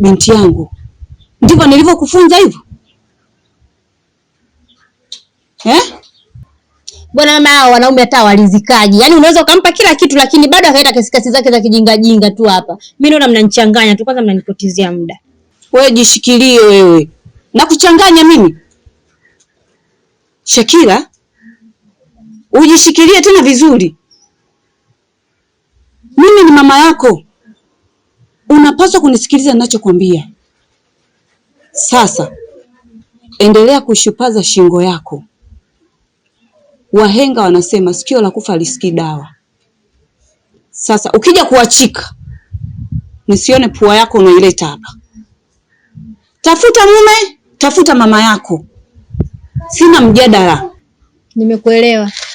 binti yangu, ndivyo nilivyokufunza hivyo eh? Bwana mama, hao wanaume hata walizikaji, yaani unaweza ukampa kila kitu, lakini bado akaenda kasikasi zake za kijingajinga tu. Hapa mimi naona mnanichanganya tu, kwanza mnanipotezea muda. Wewe jishikilie wewe, nakuchanganya mimi Shakira, ujishikilie tena vizuri. Mimi ni mama yako unapaswa kunisikiliza ninachokwambia. Sasa endelea kushupaza shingo yako. Wahenga wanasema sikio la kufa lisikii dawa. Sasa ukija kuachika, nisione pua yako unaileta hapa. Tafuta mume, tafuta mama yako. Sina mjadala. Nimekuelewa.